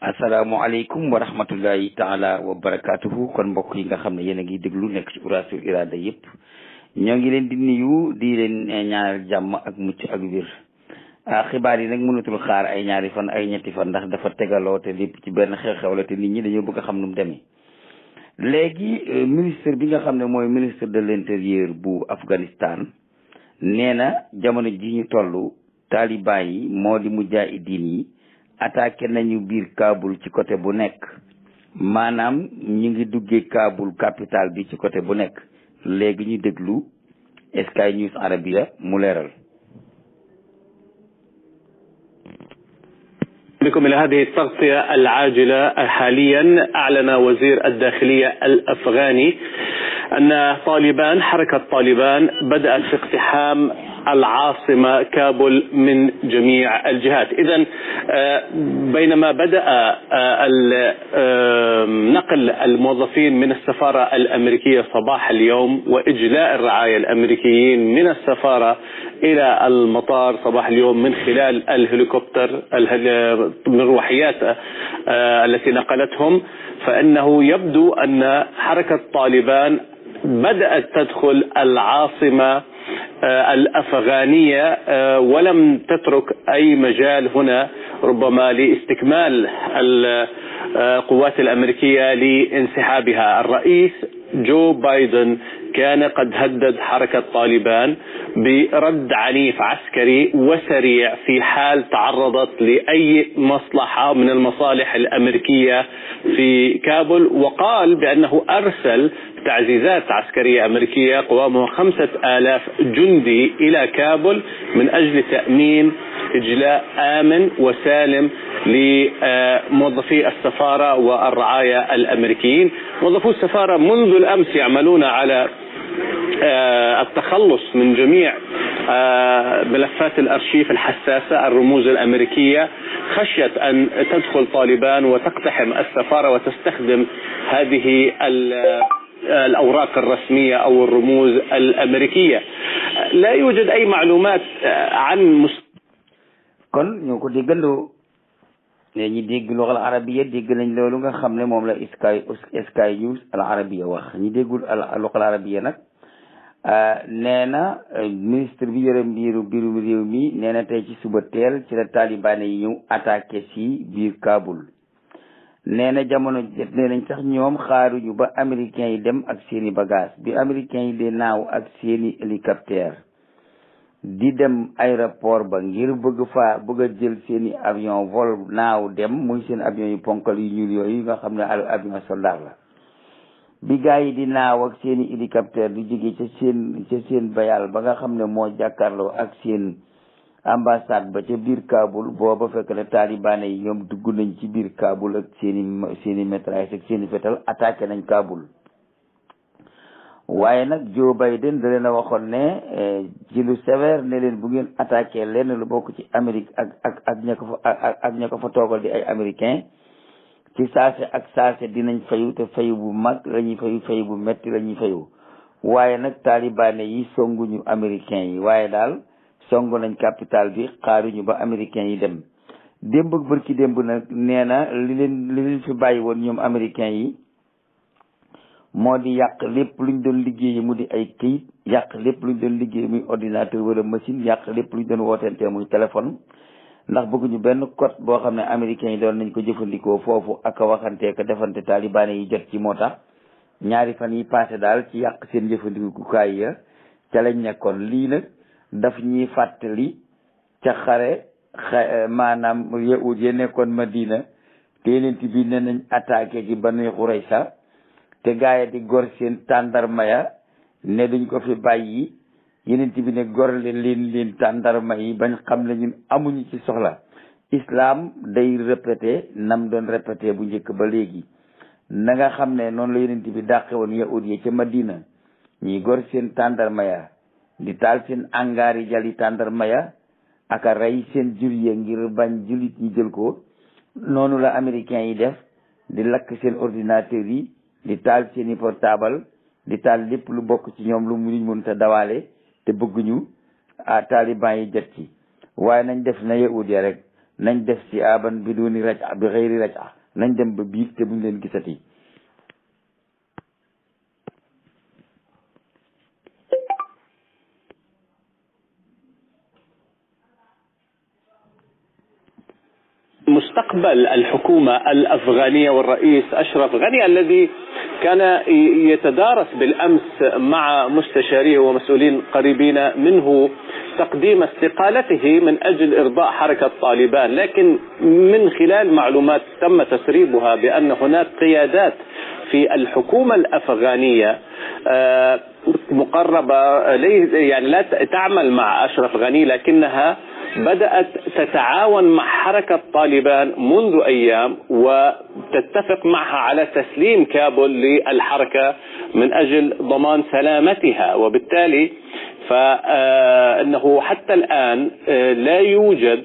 asalaamualeykum wa rahmatullahi taala wa barakaatuhu kon mbokk yi nga xam ne yéen a ngi déglu nekk ci Uuraasul Iraada yëpp ñoo ngi leen di ñu di leen ñaanal jàmm ak mucc ak wér xibaar yi nag mënatul xaar ay ñaari fan ay ñetti fan ndax dafa tegaloo te lépp ci benn xew-xew la te nit ñi dañoo bëgg a xam nu mu demee léegi euh, ministre bi nga xam ne mooy ministre de l'intérieur bu Afghanistan nee na jamono ji ñu toll taliban yi moo di mujaahidiin yi attaqué nañu biir Kaboul ci côté bu nekk maanaam ñu ngi duggee Kaboul capital bi ci côté bu nekk léegi ñu déglu Sky News Arabia mu leeral بكم إلى هذه التغطية العاجلة حاليا أعلن وزير الداخلية الأفغاني أن طالبان حركة طالبان بدأت في اقتحام العاصمة كابول من جميع الجهات إذا بينما بدأ نقل الموظفين من السفارة الأمريكية صباح اليوم وإجلاء الرعاية الأمريكيين من السفارة إلى المطار صباح اليوم من خلال الهليكوبتر من الروحيات التي نقلتهم فإنه يبدو أن حركة طالبان بدأت تدخل العاصمة الافغانيه ولم تترك اي مجال هنا ربما لاستكمال القوات الامريكيه لانسحابها، الرئيس جو بايدن كان قد هدد حركه طالبان برد عنيف عسكري وسريع في حال تعرضت لأي مصلحة من المصالح الأمريكية في كابول وقال بأنه أرسل تعزيزات عسكرية أمريكية قوامها خمسة آلاف جندي إلى كابول من أجل تأمين إجلاء آمن وسالم لموظفي السفارة والرعاية الأمريكيين موظفو السفارة منذ الأمس يعملون على التخلص من جميع ملفات الأرشيف الحساسة الرموز الأمريكية خشية أن تدخل طالبان وتقتحم السفارة وتستخدم هذه الأوراق الرسمية أو الرموز الأمريكية لا يوجد أي معلومات عن kon ñoo ko déggandoo léegi dégg loxal arabiya dégg nañ loolu nga xam ne moom la Sky Sky News al arabiya wax ñi déggul loxal arabiya nag nee na ministre bi yore mbiru mbirum réew mi nee na tey ci suba teel ci la taliban yi ñëw attaqué si biir Kaabul nee na jamono nee nañ sax ñoom xaaruñu ba américains yi dem ak seeni bagage bi américains yi de naaw ak seeni hélicoptère di dem aéroport ba ngir bëgg fa bëgg a jël seeni avion vol naaw dem muy seen avion yu ponkal yu ñuul yooyu nga xam ne avion soldat la bi gars yi di naaw ak seeni i hélicoptère di jóge ca seen ca seen bayal ba nga xam ne moo jàkkaarloo ak seen ambassade ba ca biir Kaabul booba fekk na taliban yi ñoom dugg nañ ci biir Kaabul ak seeni i seen i métrage ak seen i fetal attaqué nañ Kaabul waaye nag Joe Biden da leen a waxoon ne eh, ci lu sévère ne leen bu ngeen attaqué lenn lu bokk ci Amérique ak ak ak ña ko fa ak ak fa toogal di ay américain ci saase ak saase dinañ fayu te fayu bu mag la ñuy fayu fayu bu metti la ñuy fayu waaye nag taalibaane yi songuñu américain yi waaye daal songu nañ capital bi xaaruñu ba américain yi dem démb ak bërki démb nag nee na li leen li leen fi bàyyi woon ñoom américain yi moo di yàq lépp luñ doon liggéey mu di ay këyit yàq lépp luñ doon liggéey muy ordinateur wara machine yàq lépp luñ doon wootentee muy téléphone ndax bëgguñu benn code boo xam ne américains yi doon nañ ko jëfandikoo foofu ak waxantee ko defante talibaane yi jot ci moo tax ñaari fan yi passé daal ci yàq seen jëfandikukaay ya ca lañ nekkoon lii nag daf ñuy fàttali ca xare maanaam yahud ya nekkoon Madina te yeneen bi ne nañ ba ci Banu Xuraysa te gaaya di gor seen tàndarma ya ne duñ ko fi bàyyi yeneen bi ne gor leen leen tàndarma yi bañ xam ne ñun amuñu ci soxla islam day répété nam doon répété bu njëkk ba léegi na nga xam ne noonu la yeneen bi dàqe woon yahud ya ca Madina ñuy gor seen tàndarma ya di taal seen angaari jali tàndarma ya ak a rey seen jur ya ngir bañ julit ñi jël ko noonu la américain yi def di lakk seen ordinateur yi di taal seeni portable di taal lépp lu bokk ci ñoom lu mu luñ dawaale te bëgguñu ah taliban yi jot ci nañ def na yahud ya nañ def si aban bi duni raj bi xëyri raj nañ dem ba biig te buñ leen gisati مستقبل الحكومة الأفغانية والرئيس أشرف غني الذي كان يتدارس بالأمس مع مستشاريه ومسؤولين قريبين منه تقديم استقالته من أجل إرضاء حركة طالبان لكن من خلال معلومات تم تسريبها بأن هناك قيادات في الحكومة الأفغانية مقربة يعني لا تعمل مع أشرف غني لكنها بدأت تتعاون مع حركة طالبان منذ أيام وتتفق معها على تسليم كابول للحركة من أجل ضمان سلامتها وبالتالي فإنه حتى الآن لا يوجد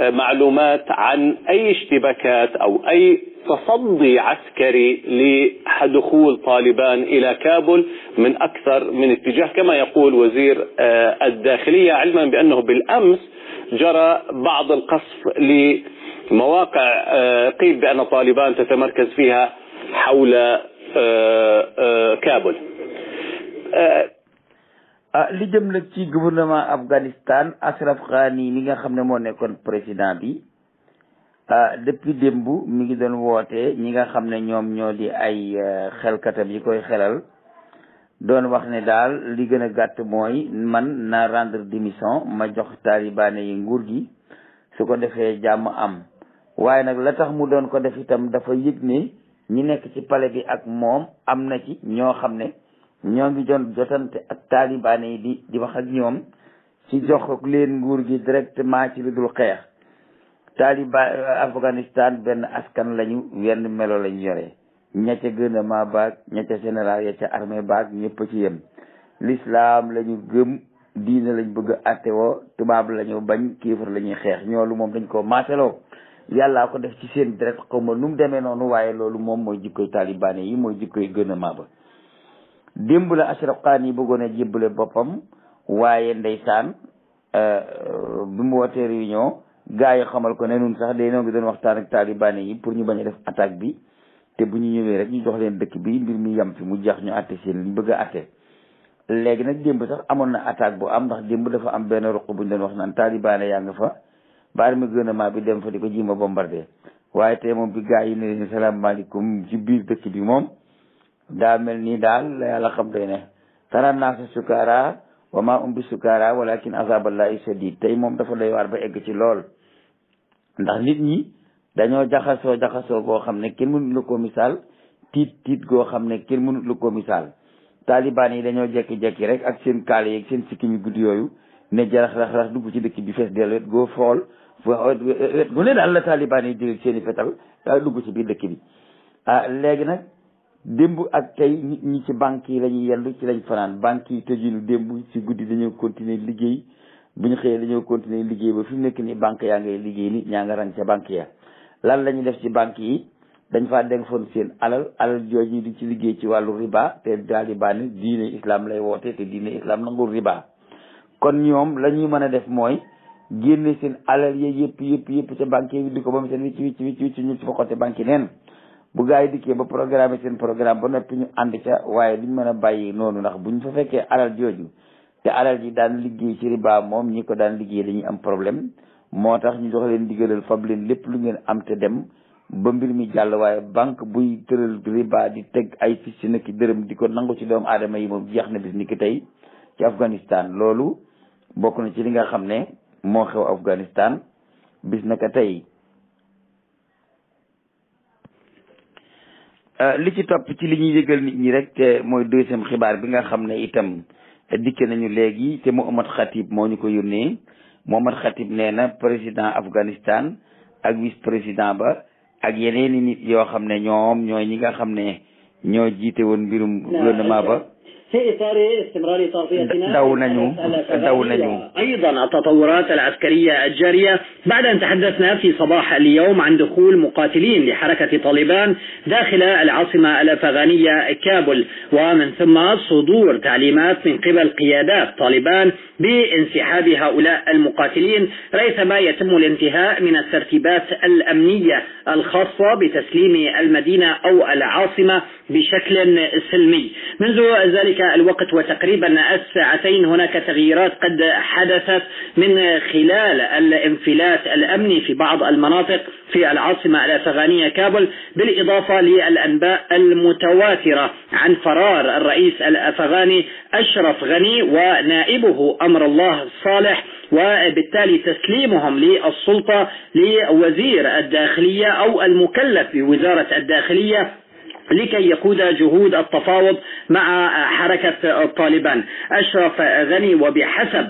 معلومات عن أي اشتباكات أو أي تصدي عسكري لدخول طالبان إلى كابول من أكثر من اتجاه كما يقول وزير الداخلية علما بأنه بالأمس جرى بعض القصف لمواقع قيل بأن طالبان تتمركز فيها حول كابول ah li jëm nag ci gouvernement Afghanistan Ashraf Ghani mi nga xam ne moo nekkoon président bi ah depuis démb mi ngi doon woote ñi nga xam ne ñoom ñoo di ay eh, xelkatam yi koy xelal doon wax ne daal li gën a gàtt mooy man na rendre démission ma jox taalibaane yi nguur gi su ko defee jàmm am waaye nag la tax mu doon ko def itam dafa yëg ne ñi nekk ci pale bi ak moom am na ci ñoo xam ne ñoo ngi doon jotante ak taliban yi di di wax ak ñoom ci jox leen nguur gi directement ci lu dul xeex taliban euh, Afghanistan benn askan lañu wenn melo lañu yore ña ca gouvernement baag ña ca général ya ca armée baag ñëpp ci yem lañu gëm lañ bëgg a attewoo tubaab lañu bañ kéefar la ñuy xeex ñoolu moom dañ koo maaseloo yàllaa ko def ci seen direct xaw ma nu mu demee noonu waaye loolu moom mooy jikkoy taliban yi mooy jikkoy gouvernement ba démb la Ashraqaan yi bëggoon a jébbale boppam waaye ndeysaan euh, euh, bi mu wootee réunion gaa yi xamal ko ne nun sax day noo ngi doon waxtaan ak taliban yi pour ñu bañ a def attaque bi te bu ñu ñëwee rek ñu jox leen dëkk bi mbir mi yam fi mu jeex ñu atte seen liñ bëgg a atte léegi nag démb sax amoon na attaque bu am ndax démb dafa am benn ruq bu ñu doon wax naan taliban yaa nga fa ba armée gouvernement bi dem fa di ko jiima bombardé waaye te moom bi gars yi ne leen ci biir dëkk bi moom daa mel nii daal la yàlla xam doy ne tara naasa sukara wa ma um bi sukara walakin azaballahi shadid tey moom dafa doy waar ba egg ci lool ndax nit ñi dañoo jaxasoo jaxasoo goo xam ne kenn mënut la ko misaal tiit tiit goo xam ne kenn mënut la ko misaal taalibaan yi dañoo jekki-jekki rek ak seen kaal yeeg seen sikkim yu guddi yooyu ne jarax rax rax dugg ci dëkk bi fees del wet goo fool wet gu ne daal la taalibaan yi jël seen fetal daal ci biir dëkk bi ah, démb ak tey nit ñi ci banque yi la ñuy yellu ci lañ fanaan banque yi tëjinu démb ci guddi dañoo continuer liggéey bu ñu xëyee dañoo continuer liggéey ba fi nekk ni banque yaa ngay liggéey ni ñaa nga rang ca banque ya lan la ñuy def ci banque yi dañ faa dénkoon seen alal alal jooju ñu di ci liggéey ci wàllu riba te daal riba ni diine islam lay woote te diine islam nangul riba kon ñoom la ñuy mën a def mooy génne seen alal ya yëpp yëpp yëpp ca banque yi di bu gaa yi dikkee ba programme seen programme ba noppi ñu ànd ca waaye duñ mën a bàyyi noonu ndax buñ fa fekkee alal jooju te alal ji daan liggéey ci riba moom ñi ko daan liggéey dañuy am problème moo tax ñu jox leen digalal fab leen lépp lu ngeen am te dem ba mbir mi jàll waaye banque buy tëral riba di teg ay fis ci nekk dërëm di ko nangu ci doom aadama yi moom jeex na bis ni ki tey ci Afghanistan loolu bokk na ci li nga xam ne moo xew Afghanistan bis naka tey Euh, li ci topp ci li ñuy yëgal nit ñi rek te mooy deuxième xibaar bi nga xam ne itam dikke nañu léegi te Mohamed Khatib moo ñu ko yónnee Mohamed Khatib nee na président Afghanistan ak vice président ba ak yeneen i nit yoo xam ne ñoom ñooy ñi nga xam ne ñoo jiite woon mbirum gouvernement ba في إطار استمرار تغطيتنا دو نيو دو نيو أيضا التطورات العسكرية الجارية بعد أن تحدثنا في صباح اليوم عن دخول مقاتلين لحركة طالبان داخل العاصمة الأفغانية كابل ومن ثم صدور تعليمات من قبل قيادات طالبان بانسحاب هؤلاء المقاتلين ريثما يتم الانتهاء من الترتيبات الأمنية الخاصة بتسليم المدينة أو العاصمة بشكل سلمي منذ ذلك الوقت وتقريبا الساعتين هناك تغييرات قد حدثت من خلال الانفلات الأمني في بعض المناطق في العاصمة الأفغانية كابل بالإضافة للأنباء المتواترة عن فرار الرئيس الأفغاني أشرف غني ونائبه أمر الله صالح وبالتالي تسليمهم للسلطة لوزير الداخلية أو المكلف بوزارة الداخلية لكي يقود جهود التفاوض مع حركة طالبان أشرف غني وبحسب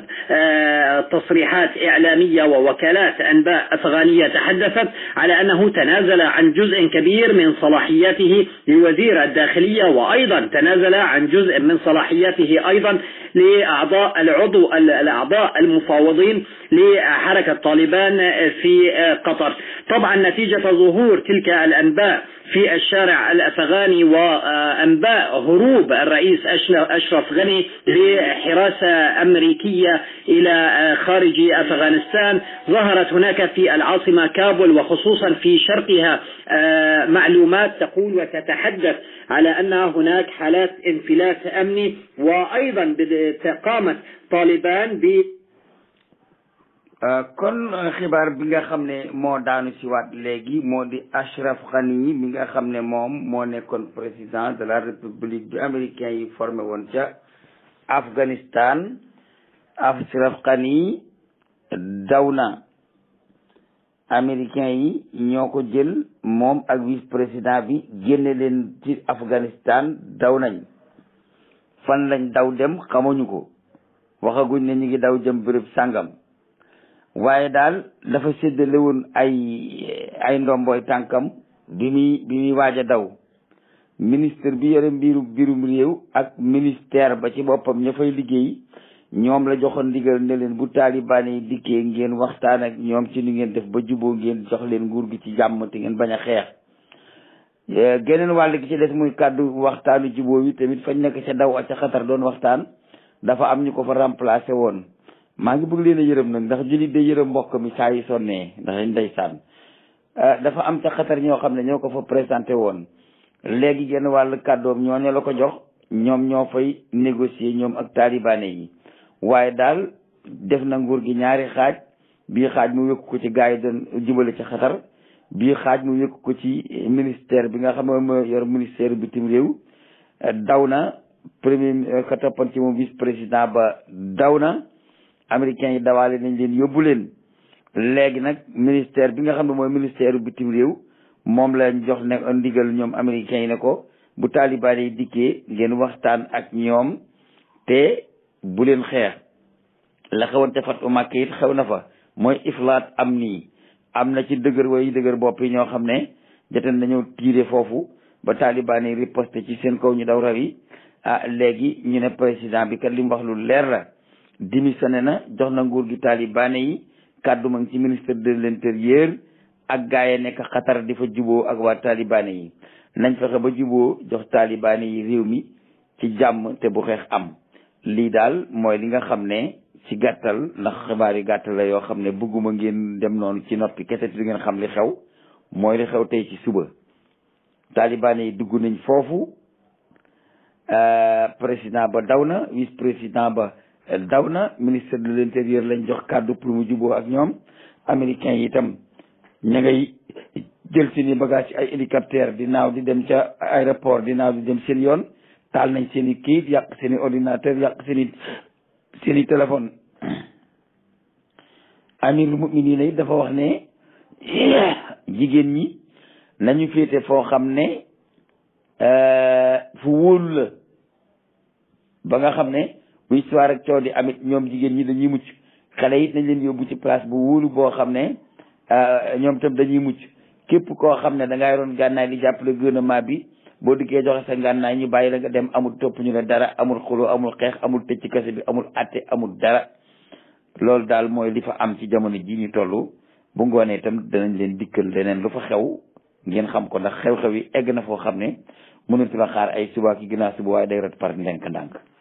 تصريحات إعلامية ووكالات أنباء أفغانية تحدثت على أنه تنازل عن جزء كبير من صلاحياته لوزير الداخلية وأيضا تنازل عن جزء من صلاحياته أيضا لأعضاء العضو الأعضاء المفاوضين لحركة طالبان في قطر طبعا نتيجة ظهور تلك الأنباء في الشارع الأفغاني وأنباء هروب الرئيس أشرف غني لحراسة أمريكية إلى خارج أفغانستان ظهرت هناك في العاصمة كابول وخصوصا في شرقها معلومات تقول وتتحدث على أن هناك حالات انفلات أمني وأيضا قامت طالبان bi kon xibaar bi nga xam ne moo daanu ci waat léegi moo di Ashraf Ghani mi nga xam ne moom moo nekkoon président de la république bi américain yi formé woon ca Afghanistan Ashraf Ghani daw na américain yi ñoo ko jël moom ak vice président bi génne leen ci Afghanistan daw nañ fan lañ daw dem xamuñu ko waxaguñ ne ñu ngi daw jëm bërëb sàngam waaye daal dafa séddalewoon ay ay ndomboy tànkam bi muy bi muy waaj a daw ministre bi yore mbiru mbirum réew ak ministère ba ci boppam ña liggéey ñoom la joxoon ndigal ne leen bu taalibaan yi dikkee ngeen waxtaan ak ñoom ci nu ngeen def ba juboo ngeen jox leen nguur gi ci jàmm te ngeen bañ a xeex Eh, geneen wàll gi ci des muy kàddu waxtaanu jubóo wi tamit fañ nekk ca daw ak ca xatar doon waxtaan dafa am ñu ko fa remplacé woon maa ngi bëgg leen a yërëm nag ndax jullit day yërëm mbokk mi saa yu sonnee ndax ndeysaan eh, dafa am ca xatar ñoo xam ne ñoo ko fa présenté woon léegi genn wàll kàddoom ñooñu la ko jox ñoom ñoo fay négocier ñoom ak taalibaane yi waaye daal def na nguur gi ñaari xaaj bi xaaj mu wékk ko ci gars yi doon jubale ci xatar bii xaaj mu yëkk ko ci ministère bi nga xam ne mooy yor ministère bitim réew daw na premier euh, ka toppan ci moom vice président ba daw na américains yi dawaale nañ leen yóbbu leen léegi nag ministère bi nga xam ne mooy ministère bitim réew moom lañ jox ne ndigal ñoom américains yi ne ko bu taalibaan yi dikkee ngeen waxtaan ak ñoom te bu leen xeex la xewoon te fat u màkk xew na fa mooy iflaat am nii am na ci dëgër way dëgër bopp yi ñoo xam ne jotoon nañoo tiire foofu ba taliban yi riposte ci seen kaw ñu daw raw ah léegi ñu ne président bi kat lim wax lu leer la démissionné na jox na nguur gi taliban yi kàddu ma ci ministre de l'intérieur ak gaa yi nekk xatar di fa juboo ak waa taliban yi nañ fexe ba juboo jox taliban yi réew mi ci jàmm te bu xeex am lii daal mooy li nga xam ne ci gàttal ndax xibaar yi gàttal la yoo xam ne bëgguma ngeen dem noonu ci noppi kese du ngeen xam li xew mooy li xew tey ci suba taliban yi dugg nañ foofu euh, président ba daw na vice président ba daw na ministre de l'intérieur lañ jox kàddu pour mu juboo ak ñoom américain yi itam ña ngay jël seeni bagage ci ay hélicoptère di naaw di dem ca aéroport di naaw di dem seen yoon taal nañ seen i kayit yàq seen i ordinateur yàq seen seeni téléphone amirul muminina it dafa wax ne jigéen ñi nañu féete foo xam ne euh, fu wóolu la ba nga xam ne bu histoire ak coow di amit ñoom jigéen ñi dañuy mucc xale it nañ leen yóbbu ci place bu wóolu boo xam ne euh, ñoom tam dañuy mujj képp koo xam ne da ngay doon gànnaay di jàppale gouvernement bi boo dikkee joxe sa naa ñu bàyyi la nga dem amul topp ñu la dara amul xuloo amul xeex amul tëj ci bi amul atte amul dara loolu daal mooy li fa am ci jamono ji ñu toll bu ngoonee itam danañ leen dikkal leneen lu fa xew ngeen xam ko ndax xew-xew yi egg na foo xam ne mënatu la xaar ay suba ki ginnaaw suba waaye day rat par ndànk-ndànk